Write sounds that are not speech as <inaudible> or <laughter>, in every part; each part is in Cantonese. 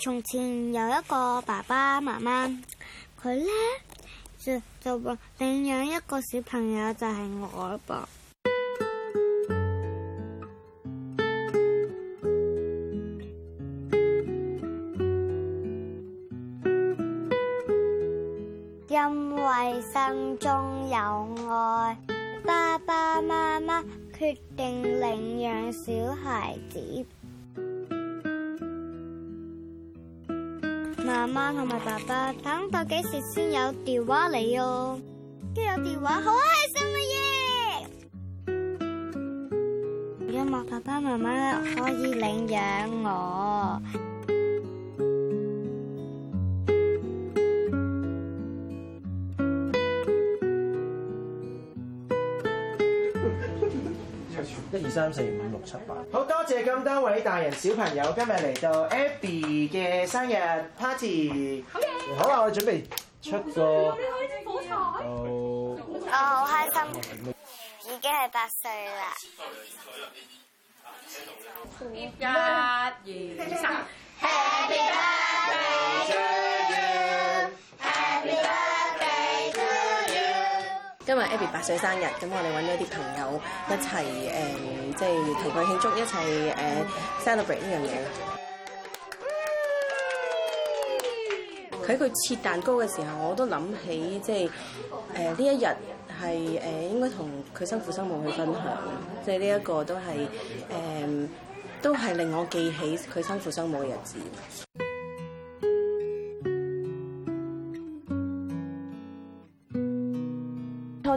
從前有一個爸爸媽媽，佢哋就就領養一個小朋友，就係我噃。因為心中有愛，爸爸媽媽決定領養小孩子。媽媽同埋爸爸，等到幾時先有電話嚟哦、啊？今日有電話，好開心啊！希望爸爸媽媽可以領養我。一二三四五六七八，好多謝咁多位大人小朋友今日嚟到 Abby 嘅生日 party。好啦，我哋準備出個。我好、哦、開心，已經係八歲啦。一、二、三，Happy birthday to you，Happy 因為 Abby 八歲生日，咁我哋揾咗啲朋友一齊誒，即係同佢慶祝一齊誒 celebrate 呢樣嘢。佢、呃 mm -hmm. 呃 mm -hmm. <laughs> 喺佢切蛋糕嘅時候，我都諗起即係誒呢一日係誒應該同佢生父生母去分享，即係呢一個都係、呃、都係令我記起佢生父生母嘅日子。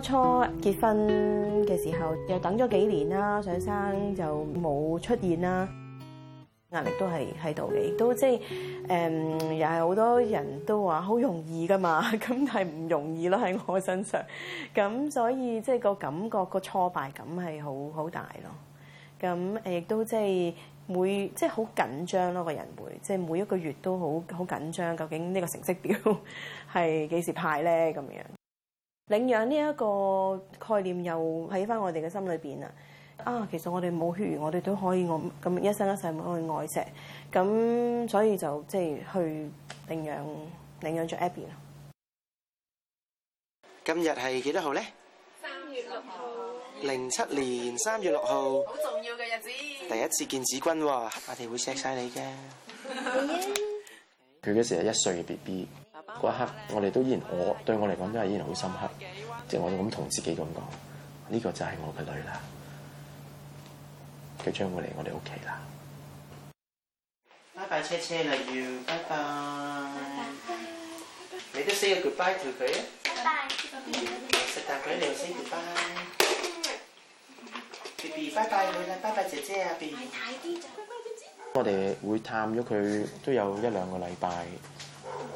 初結婚嘅時候，又等咗幾年啦，上生就冇出現啦，壓力都係喺度嘅，亦都即係誒，又係好多人都話好容易噶嘛，咁但係唔容易咯喺我身上，咁所以即係個感覺、個挫敗感係好好大咯，咁誒亦都即係每即係好緊張咯個人會，即係每一個月都好好緊張，究竟呢個成績表係幾時派咧咁樣？領養呢一個概念又喺翻我哋嘅心裏邊啊！啊，其實我哋冇血緣，我哋都可以我咁一生一世愛愛錫，咁所以就即係去領養領養咗 Abby 啦。今日係幾多號咧？三月六號。零七年三月六號。好重要嘅日子。第一次見子君喎。我哋會錫晒你嘅。佢 <laughs> 嗰 <laughs> 時係一歲嘅 B B。嗰一刻，我哋都依然，我對我嚟講都係依然好深刻。即係我都咁同自己咁講，呢個就係我嘅女啦，佢將會嚟我哋屋企啦。拜拜車車啦，you 拜拜。你都 say goodbye 對佢啊？拜拜。拜拜佢拜拜拜拜。嗯、BB，拜拜 Bibi, 拜拜拜拜姐姐拜 b 拜我哋會探咗佢都有一兩個禮拜。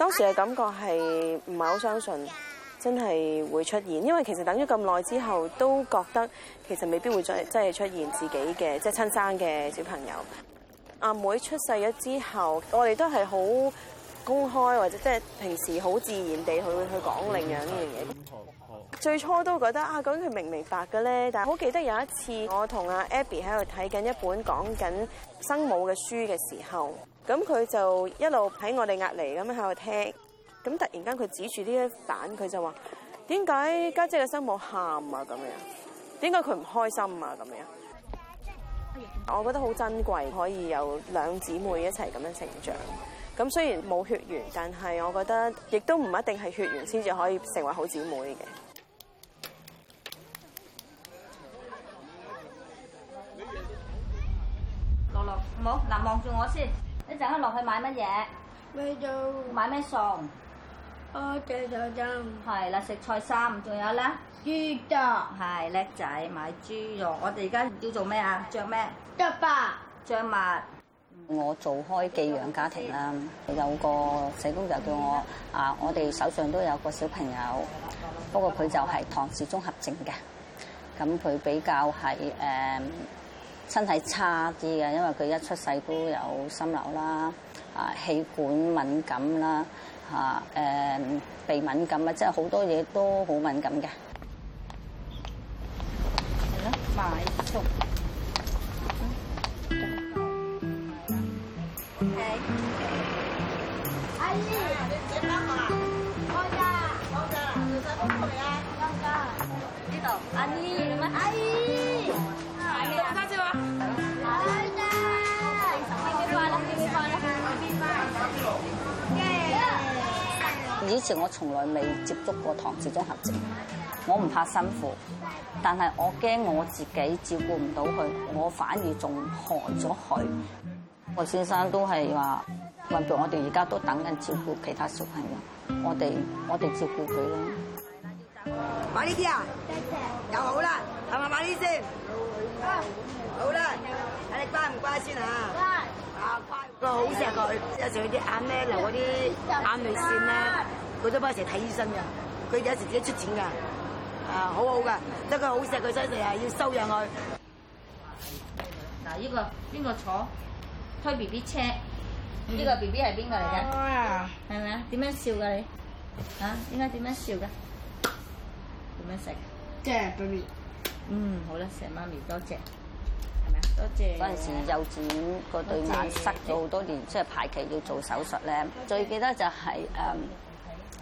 當時嘅感覺係唔係好相信，真係會出現，因為其實等咗咁耐之後，都覺得其實未必會再真係出現自己嘅即係親生嘅小朋友。阿妹，妹出世咗之後，我哋都係好公開或者即係平時好自然地去去講領養呢樣嘢。最初都覺得啊，究竟佢明唔明白嘅咧？但係好記得有一次，我同阿 Abby 喺度睇緊一本講緊生母嘅書嘅時候。咁佢就一路喺我哋隔籬咁樣喺度聽，咁突然間佢指住呢一盞，佢就話：點解家姐嘅心冇喊啊？咁樣，點解佢唔開心啊？咁樣，我覺得好珍貴，可以有兩姊妹一齊咁樣成長。咁雖然冇血緣，但係我覺得亦都唔一定係血緣先至可以成為好姊妹嘅。樂樂，唔好嗱，望住我先。成日落去買乜嘢？買肉。買咩餸？食菜心。係啦，食菜心。仲有咧？豬腳。係叻仔，買豬肉。我哋而家要做咩啊？着咩？着襪。着襪。我做開寄養家庭啦，有個社工就叫我啊，我哋手上都有個小朋友，不過佢就係唐氏綜合症嘅，咁佢比較係誒。身體差啲嘅，因為佢一出世都有心瘤啦，啊氣管敏感啦，嚇誒鼻敏感啊，即係好多嘢都好敏感嘅。係咯，買足。嗯。OK。阿姨，你你返學啊？開㗎，冇㗎，要收工隊啊！開㗎，呢度，阿姨。之前我從來未接觸過唐氏綜合症，我唔怕辛苦，但係我驚我自己照顧唔到佢，我反而仲害咗佢。我先生都係話，雲表我哋而家都等緊照顧其他小朋友，我哋我哋照顧佢。買呢啲啊？又好啦，係咪買呢啲先，啊？好啦，睇、啊、你乖唔乖先嚇？啊，乖，乖、那個好錫佢，加上啲眼咧流嗰啲眼淚線咧。佢都幫成睇醫生嘅，佢有時自己出錢噶，啊，好好噶，得佢好錫，佢真係要收養佢。嗱、這個，呢個邊個坐推 B B 車？呢、這個 B B 係邊個嚟嘅？係、嗯、咪啊？點樣笑嘅你？嚇？應該點樣笑嘅？點樣食？即係 B B。嗯，好啦，錫媽咪，多謝，係咪啊？多謝。嗰陣時幼稚園個對眼塞咗好多年，即係排期要做手術咧。最記得就係、是、誒。嗯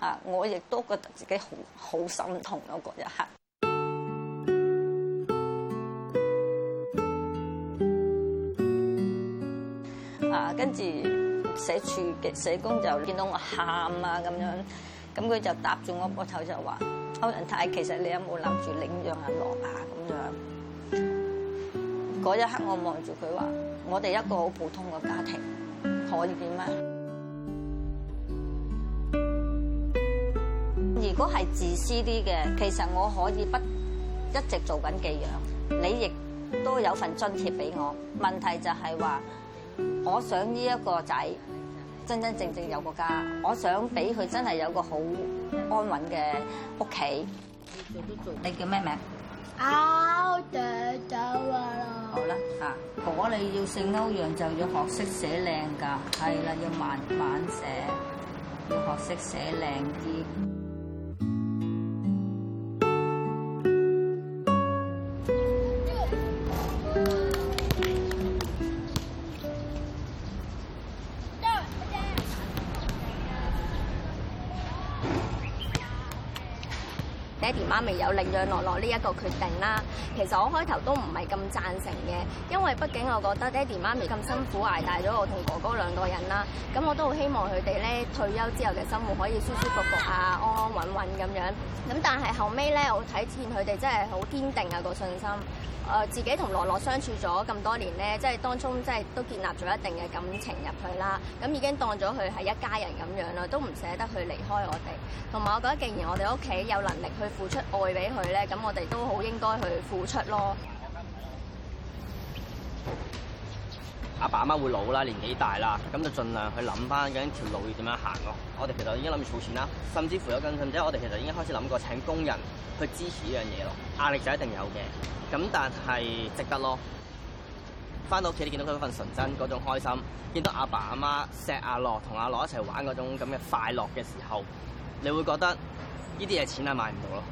啊！我亦都覺得自己好好心痛咯，嗰一刻。啊！跟住社署嘅社工就見到我喊啊咁樣，咁佢就搭住我膊頭就話：歐陽太，其實你有冇諗住領養阿樂啊？咁樣。嗰一刻我望住佢話：我哋一個好普通嘅家庭，可以點咩？」如果係自私啲嘅，其實我可以不一直做緊寄養，你亦都有份津貼俾我。問題就係話，我想呢一個仔真真正正有個家，我想俾佢真係有個好安穩嘅屋企。你做都做。你叫咩名？歐弟走啊啦！好啦，啊，果、啊、你要姓歐陽，就要學識寫靚噶，係啦，要慢慢寫，要學識寫靚啲。媽咪有領養樂樂呢一個決定啦，其實我開頭都唔係咁贊成嘅，因為畢竟我覺得爹哋媽咪咁辛苦挨大咗我同哥哥兩個人啦，咁我都好希望佢哋咧退休之後嘅生活可以舒舒服服啊，安安穩穩咁樣，咁但係後尾咧，我睇見佢哋真係好堅定啊、嗰個信心，誒、呃、自己同樂樂相處咗咁多年咧，即係當中即係都建立咗一定嘅感情入去啦，咁已經當咗佢係一家人咁樣啦，都唔捨得去離開我哋。同埋我覺得，既然我哋屋企有能力去付出。愛俾佢咧，咁我哋都好應該去付出咯。阿爸阿媽會老啦，年紀大啦，咁就盡量去諗翻究竟條路要點樣行咯。我哋其實已經諗住儲錢啦，甚至乎有更甚，即係我哋其實已經開始諗過請工人去支持呢樣嘢囉。壓力就一定有嘅，咁但係值得咯。翻到屋企，你見到佢嗰份純真，嗰種開心，見到阿爸阿媽錫阿樂同阿樂一齊玩嗰種咁嘅快樂嘅時候，你會覺得呢啲嘢錢係、啊、買唔到咯。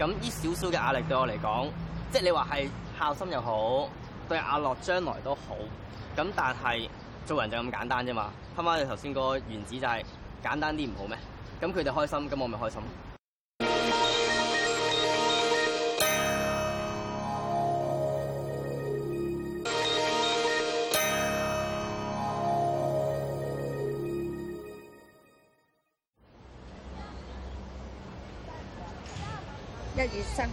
咁呢少少嘅壓力對我嚟講，即係你話係孝心又好，對阿樂將來都好。咁但係做人就咁簡單啫嘛。啱啱你頭先個原子就係簡單啲唔好咩？咁佢哋開心，咁我咪開心。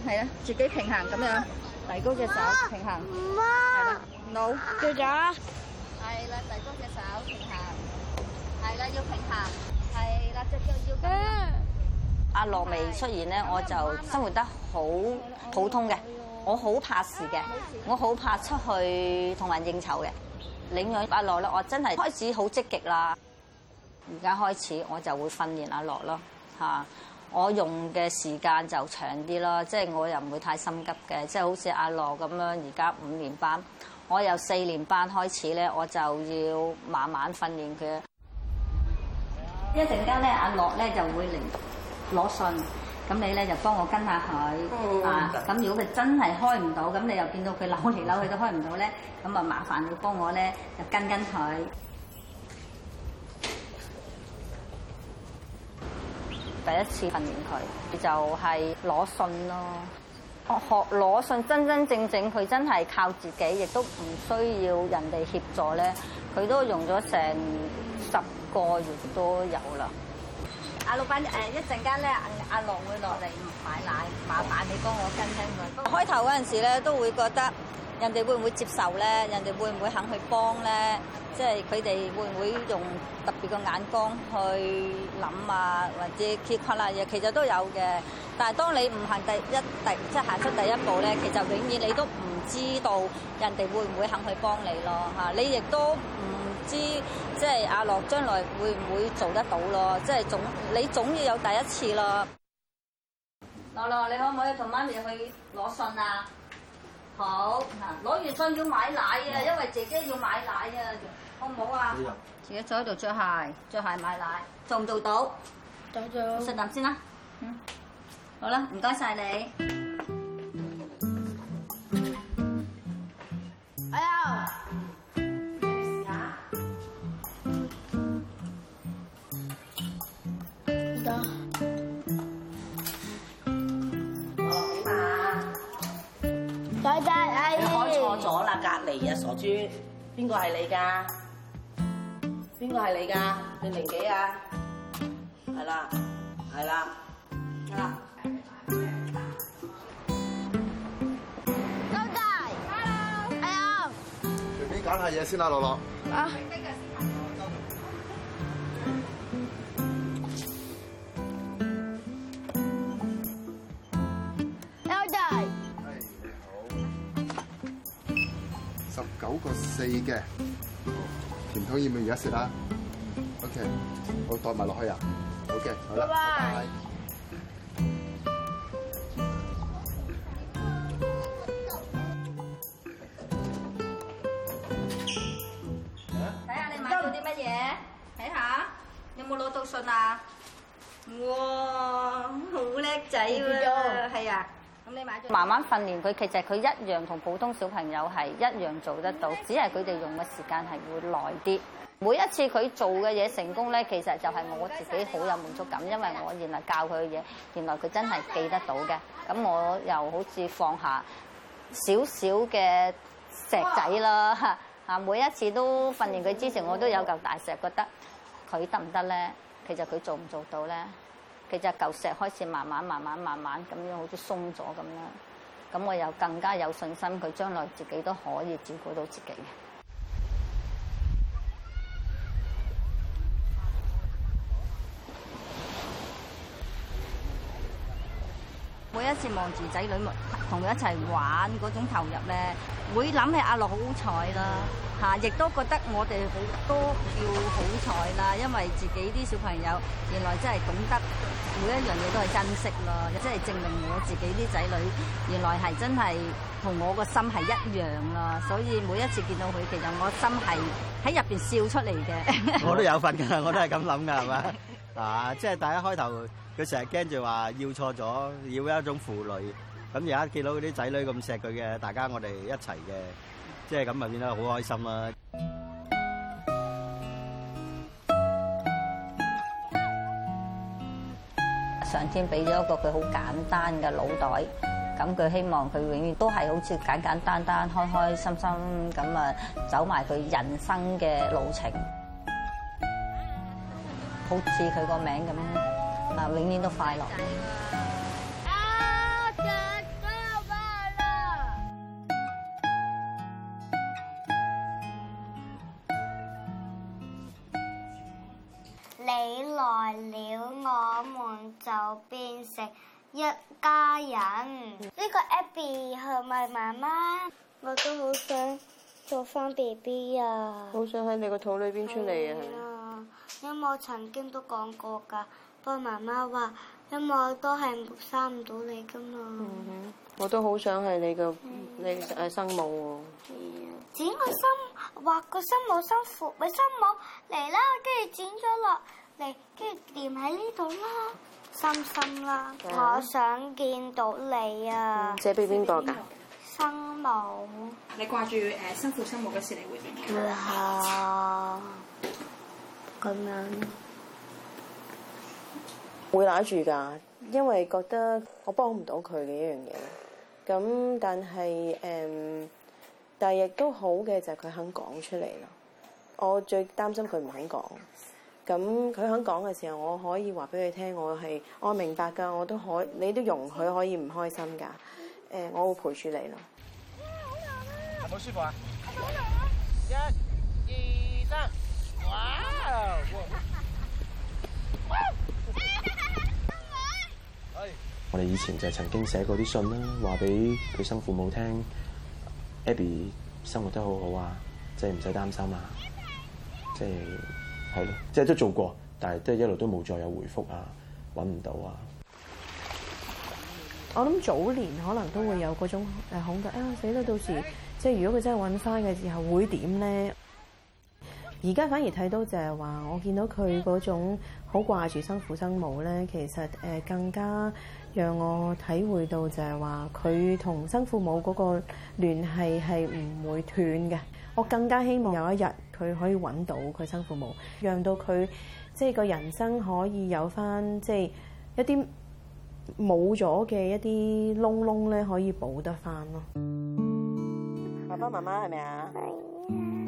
係啦，自己平衡咁樣，大哥隻手平衡，唔好，對咗。係啦，大哥隻手平衡，係啦，要平衡，係啦，就要要。阿樂未出現咧，我就生活得好普通嘅，我好怕事嘅，我好怕出去同人應酬嘅。領養阿樂咧，我真係開始好積極啦。而家開始我就會訓練阿樂咯，嚇。我用嘅時間就長啲咯，即係我又唔會太心急嘅，即係好似阿樂咁樣，而家五年班，我由四年班開始咧，我就要慢慢訓練佢。一陣間咧，阿樂咧就會嚟攞信，咁你咧就幫我跟下佢、嗯、啊。咁如果佢真係開唔到，咁你又見到佢扭嚟扭去都開唔到咧，咁啊麻煩你幫我咧就跟跟佢。第一次訓練佢就係、是、攞信咯，學攞信，真真正正佢真係靠自己，亦都唔需要人哋協助咧。佢都用咗成十個月都有啦。阿老闆誒，一陣間咧，阿阿樂會落嚟買奶，麻煩你幫我跟聽佢、嗯。開頭嗰陣時咧，都會覺得。人哋會唔會接受咧？人哋會唔會肯去幫咧？即係佢哋會唔會用特別嘅眼光去諗啊？或者揭困難嘢，其實都有嘅。但係當你唔行第一第，即係行出第一步咧，其實永遠你都唔知道人哋會唔會肯去幫你咯嚇。你亦都唔知即係阿樂將來會唔會做得到咯？即係總你總要有第一次咯。樂樂，你可唔可以同媽咪去攞信啊？好，嗱，攞完信要買奶啊，因為自己要買奶啊，好唔好啊、嗯？自己坐喺度着鞋，着鞋買奶，做唔做到？得咗。食啖先啦。嗯。好啦，唔該晒你。住，邊個係你㗎？邊個係你㗎？你零幾啊？係啦，係啦，係啦。高大，hello，係啊。隨便揀下嘢先啦，樂樂。十九個四嘅甜筒，要唔要而家食啦？OK，我袋埋落去啊。OK，好啦，拜拜。慢慢訓練佢，其實佢一樣同普通小朋友係一樣做得到，只係佢哋用嘅時間係會耐啲。每一次佢做嘅嘢成功咧，其實就係我自己好有滿足感，因為我原來教佢嘅嘢，原來佢真係記得到嘅。咁我又好似放下少少嘅石仔啦，啊，每一次都訓練佢之前，我都有嚿大石，覺得佢得唔得咧？其實佢做唔做到咧？佢只舊石開始慢慢、慢慢、慢慢咁樣，好似鬆咗咁啦。咁我又更加有信心，佢將來自己都可以照顧到自己。每一次望住仔女同佢一齊玩嗰種投入咧，會諗起阿樂好彩啦，吓亦都覺得我哋好都叫好彩啦，因為自己啲小朋友原來真係懂得每一樣嘢都係珍惜咯，又真係證明我自己啲仔女原來係真係同我個心係一樣啦，所以每一次見到佢，其實我心係喺入邊笑出嚟嘅。我都有份噶，我都係咁諗噶，係嘛？嗱、 <laughs> 啊，即係大家開頭。佢成日驚住話要錯咗，要一種負累。咁而家見到啲仔女咁錫佢嘅，大家我哋一齊嘅，即係咁咪變得好開心啦！上天俾咗一個佢好簡單嘅腦袋，咁佢希望佢永遠都係好似簡簡單單、開開心心咁啊，走埋佢人生嘅路程，好似佢個名咁樣。永遠都快樂。啊！哥哥，我嚟啦！你來了，我們就變成一家人。呢個 Abby 係咪媽媽？我都好想做翻 B B 啊！好想喺你個肚裏邊出嚟啊！係啊，因為我曾經都講過㗎。幫媽媽話，因為我都係生唔到你噶嘛、嗯。我都好想係你個、嗯、你誒生母喎、啊。剪個心，畫個生母生父個生母嚟啦，跟住剪咗落嚟，跟住連喺呢度啦，心心啦。我想見到你啊！借俾邊個噶？生母。你掛住誒、生父生母嘅事。你會點，咁樣。啊會攔住㗎，因為覺得我幫唔到佢嘅一樣嘢。咁但係誒，但係亦都好嘅就係、是、佢肯講出嚟咯。我最擔心佢唔肯講。咁佢肯講嘅時候，我可以話俾佢聽，我係我明白㗎，我都可，你都容許可以唔開心㗎。誒，我會陪住你咯。好涼啊！好舒服啊！一、啊、二、三、哇！哇我哋以前就曾經寫過啲信啦，話俾佢生父母聽 <music> ，Abby 生活得好好啊，即係唔使擔心啊，即係係咯，即係、就是、都做過，但係都係一路都冇再有回覆啊，揾唔到啊。我諗早年可能都會有嗰種恐懼啊、哎，死啦！到時即係如果佢真係揾翻嘅時候，會點咧？而家反而睇到就係話，我見到佢嗰種好掛住生父生母咧，其實誒更加讓我體會到就係話，佢同生父母嗰個聯繫係唔會斷嘅。我更加希望有一日佢可以揾到佢生父母，讓到佢即係個人生可以有翻即係一啲冇咗嘅一啲窿窿咧，可以補得翻咯。爸爸媽媽，係咪啊？係啊。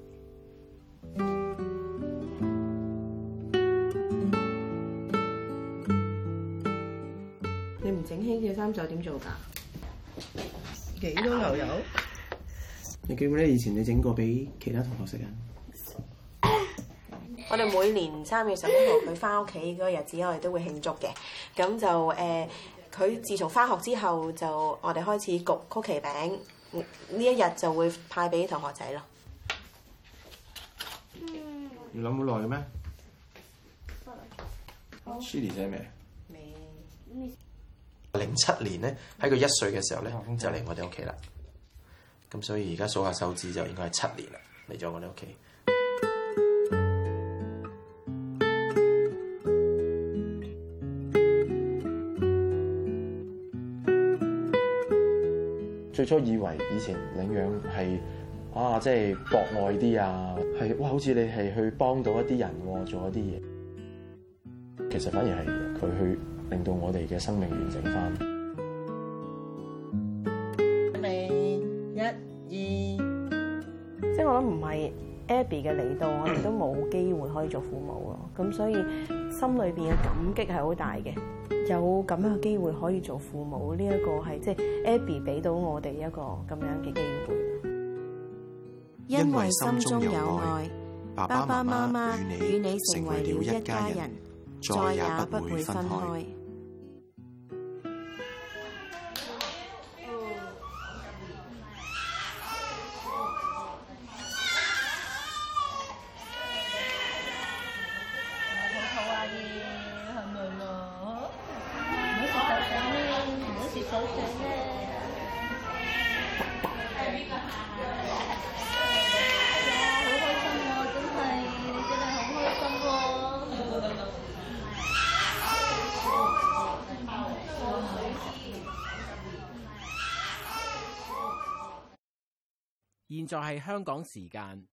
你唔整輕嘅衫就點做噶？幾多牛油？你記唔記得以前你整過俾其他同學食啊？ <laughs> 我哋每年三月十一號佢返屋企嗰個日子，我哋都會慶祝嘅。咁就誒，佢、呃、自從返學之後，就我哋開始焗曲奇餅。呢一日就會派俾同學仔咯。要諗好耐嘅咩？Shirley 寫咩？未。零七年咧，喺佢一歲嘅時候咧，就嚟我哋屋企啦。咁所以而家數下手指就應該係七年啦，嚟咗我哋屋企。最初以為以前領養係。啊，即係博愛啲啊，係哇，好似你係去幫到一啲人、啊、做一啲嘢，其實反而係佢去令到我哋嘅生命完整翻。準備，一、二。即係我諗唔係 Abby 嘅嚟到，我哋都冇機會可以做父母咯。咁所以心裏邊嘅感激係好大嘅，有咁樣嘅機會可以做父母，呢一個係即係 Abby 俾到我哋一個咁樣嘅機會。因為心中有愛，爸爸媽媽與你成為了一家人，再也不會分開。就係香港時間